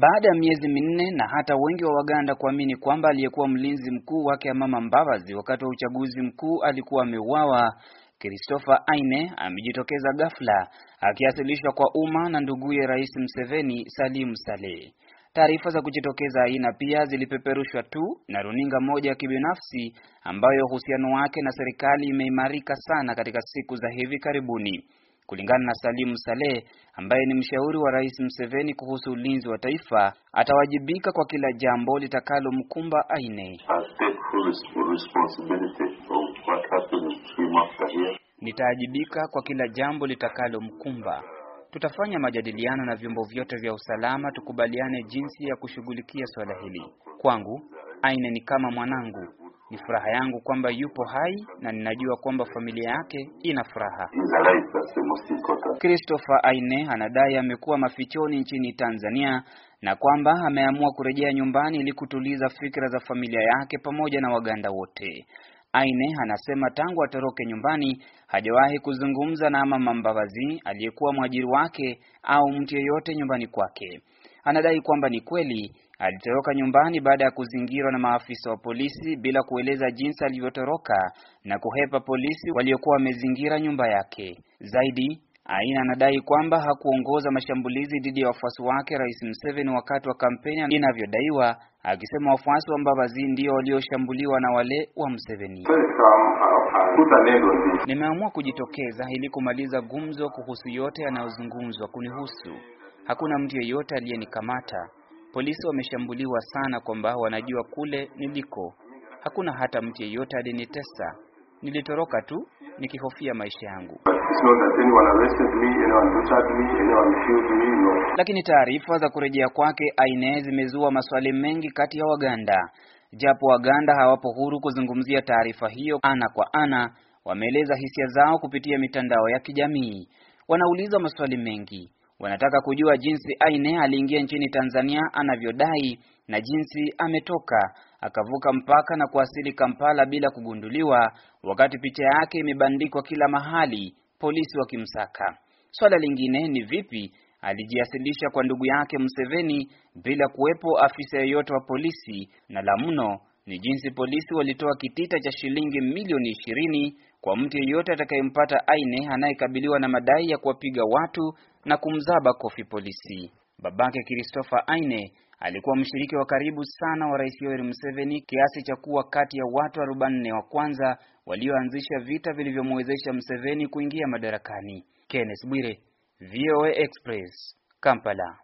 Baada ya miezi minne na hata wengi wa Waganda kuamini kwamba aliyekuwa mlinzi mkuu wake Amama Mbabazi wakati wa uchaguzi mkuu alikuwa ameuawa, Christopher Aine amejitokeza ghafla akiasilishwa kwa umma na nduguye Rais Mseveni, Salim Saleh. Taarifa za kujitokeza Aina pia zilipeperushwa tu na runinga moja ya kibinafsi ambayo uhusiano wake na serikali imeimarika sana katika siku za hivi karibuni. Kulingana na Salimu Saleh ambaye ni mshauri wa Rais mseveni kuhusu ulinzi wa taifa, atawajibika kwa kila jambo litakalomkumba Aine. Nitaajibika kwa kila jambo litakalomkumba. Tutafanya majadiliano na vyombo vyote vya usalama tukubaliane jinsi ya kushughulikia swala hili. Kwangu Aine ni kama mwanangu. Ni furaha yangu kwamba yupo hai na ninajua kwamba familia yake ina furaha. Christopher Aine anadai amekuwa mafichoni nchini Tanzania na kwamba ameamua kurejea nyumbani ili kutuliza fikra za familia yake pamoja na Waganda wote. Aine anasema tangu atoroke nyumbani hajawahi kuzungumza na Mama Mbabazi aliyekuwa mwajiri wake au mtu yeyote nyumbani kwake. Anadai kwamba ni kweli Alitoroka nyumbani baada ya kuzingirwa na maafisa wa polisi bila kueleza jinsi alivyotoroka na kuhepa polisi waliokuwa wamezingira nyumba yake. Zaidi, Aina anadai kwamba hakuongoza mashambulizi dhidi ya wafuasi wake Rais Museveni wakati wa kampeni inavyodaiwa, akisema wafuasi wa Mbabazi ndio walioshambuliwa na wale wa Museveni. Nimeamua kujitokeza ili kumaliza gumzo kuhusu yote yanayozungumzwa kunihusu. Hakuna mtu yeyote aliyenikamata. Polisi wameshambuliwa sana kwamba wanajua kule niliko. Hakuna hata mtu yeyote alinitesa. Nilitoroka tu nikihofia maisha yangu. Lakini taarifa za kurejea kwake Aine zimezua maswali mengi kati ya Waganda. Japo Waganda hawapo huru kuzungumzia taarifa hiyo ana kwa ana, wameeleza hisia zao kupitia mitandao ya kijamii. Wanauliza maswali mengi. Wanataka kujua jinsi Aine aliingia nchini Tanzania anavyodai na jinsi ametoka akavuka mpaka na kuasili Kampala bila kugunduliwa, wakati picha yake imebandikwa kila mahali, polisi wakimsaka. Swala lingine ni vipi alijiasilisha kwa ndugu yake Museveni bila kuwepo afisa yeyote wa polisi, na la mno ni jinsi polisi walitoa kitita cha shilingi milioni ishirini kwa mtu yeyote atakayempata Aine anayekabiliwa na madai ya kuwapiga watu na kumzaba kofi polisi. Babake Christopher Aine alikuwa mshiriki wa karibu sana wa Rais Yoweri Museveni kiasi cha kuwa kati ya watu 44 wa kwanza walioanzisha vita vilivyomwezesha Museveni kuingia madarakani. Kenneth Bwire, VOA Express, Kampala.